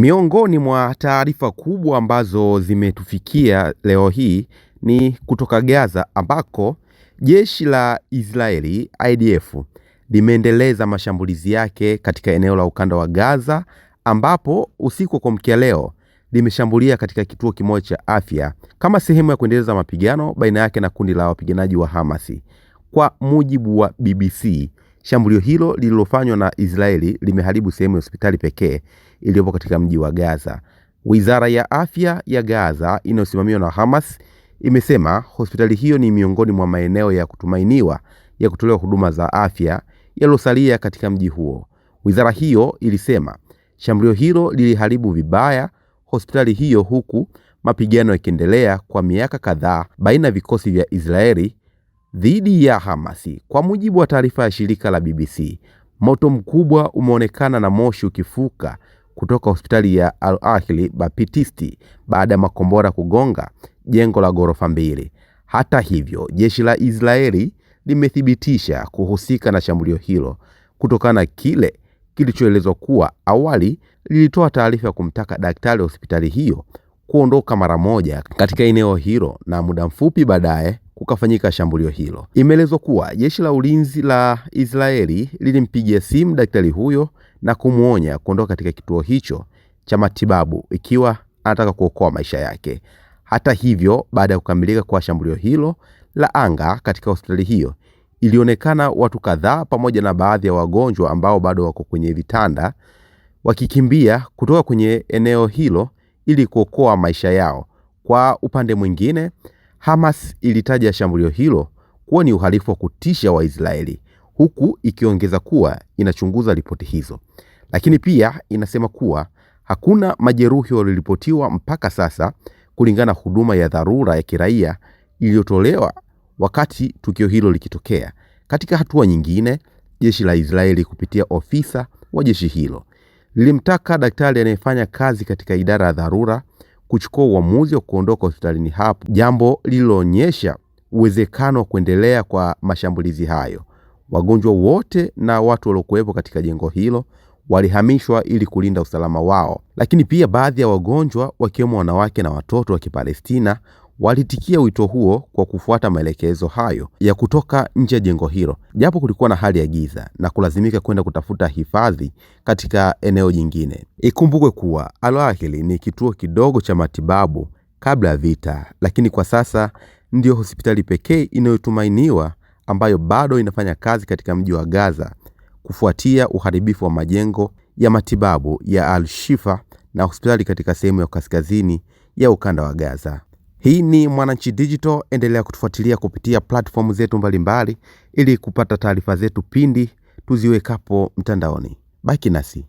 Miongoni mwa taarifa kubwa ambazo zimetufikia leo hii ni kutoka Gaza ambako jeshi la Israeli IDF limeendeleza mashambulizi yake katika eneo la ukanda wa Gaza ambapo usiku wa kuamkia leo limeshambulia katika kituo kimoja cha afya kama sehemu ya kuendeleza mapigano baina yake na kundi la wapiganaji wa Hamasi. Kwa mujibu wa BBC, Shambulio hilo lililofanywa na Israeli limeharibu sehemu ya hospitali pekee iliyopo katika mji wa Gaza. Wizara ya afya ya Gaza inayosimamiwa na Hamas imesema hospitali hiyo ni miongoni mwa maeneo ya kutumainiwa ya kutolewa huduma za afya yaliyosalia katika mji huo. Wizara hiyo ilisema shambulio hilo liliharibu vibaya hospitali hiyo, huku mapigano yakiendelea kwa miaka kadhaa baina ya vikosi vya Israeli dhidi ya Hamasi. Kwa mujibu wa taarifa ya shirika la BBC, moto mkubwa umeonekana na moshi ukifuka kutoka hospitali ya Al Ahli Baptisti baada ya makombora kugonga jengo la ghorofa mbili. Hata hivyo, jeshi la Israeli limethibitisha kuhusika na shambulio hilo kutokana na kile kilichoelezwa kuwa awali lilitoa taarifa ya kumtaka daktari wa hospitali hiyo kuondoka mara moja katika eneo hilo, na muda mfupi baadaye kukafanyika shambulio hilo. Imeelezwa kuwa jeshi la ulinzi la Israeli lilimpigia simu daktari huyo na kumwonya kuondoka katika kituo hicho cha matibabu ikiwa anataka kuokoa maisha yake. Hata hivyo, baada ya kukamilika kwa shambulio hilo la anga katika hospitali hiyo, ilionekana watu kadhaa pamoja na baadhi ya wagonjwa ambao bado wako kwenye vitanda wakikimbia kutoka kwenye eneo hilo ili kuokoa maisha yao. Kwa upande mwingine Hamas ilitaja shambulio hilo kuwa ni uhalifu wa kutisha wa Israeli, huku ikiongeza kuwa inachunguza ripoti hizo, lakini pia inasema kuwa hakuna majeruhi walioripotiwa mpaka sasa, kulingana huduma ya dharura ya kiraia iliyotolewa wakati tukio hilo likitokea. Katika hatua nyingine, jeshi la Israeli kupitia ofisa wa jeshi hilo lilimtaka daktari anayefanya kazi katika idara ya dharura kuchukua uamuzi wa kuondoka hospitalini hapo, jambo lililoonyesha uwezekano wa kuendelea kwa mashambulizi hayo. Wagonjwa wote na watu waliokuwepo katika jengo hilo walihamishwa ili kulinda usalama wao, lakini pia baadhi ya wagonjwa wakiwemo wanawake na watoto wa Kipalestina walitikia wito huo kwa kufuata maelekezo hayo ya kutoka nje ya jengo hilo, japo kulikuwa na hali ya giza na kulazimika kwenda kutafuta hifadhi katika eneo jingine. Ikumbukwe kuwa Al-Ahli ni kituo kidogo cha matibabu kabla ya vita, lakini kwa sasa ndiyo hospitali pekee inayotumainiwa ambayo bado inafanya kazi katika mji wa Gaza kufuatia uharibifu wa majengo ya matibabu ya Al-Shifa na hospitali katika sehemu ya kaskazini ya ukanda wa Gaza. Hii ni Mwananchi Digital, endelea kutufuatilia kupitia platform zetu mbalimbali ili kupata taarifa zetu pindi tuziwekapo mtandaoni. Baki nasi.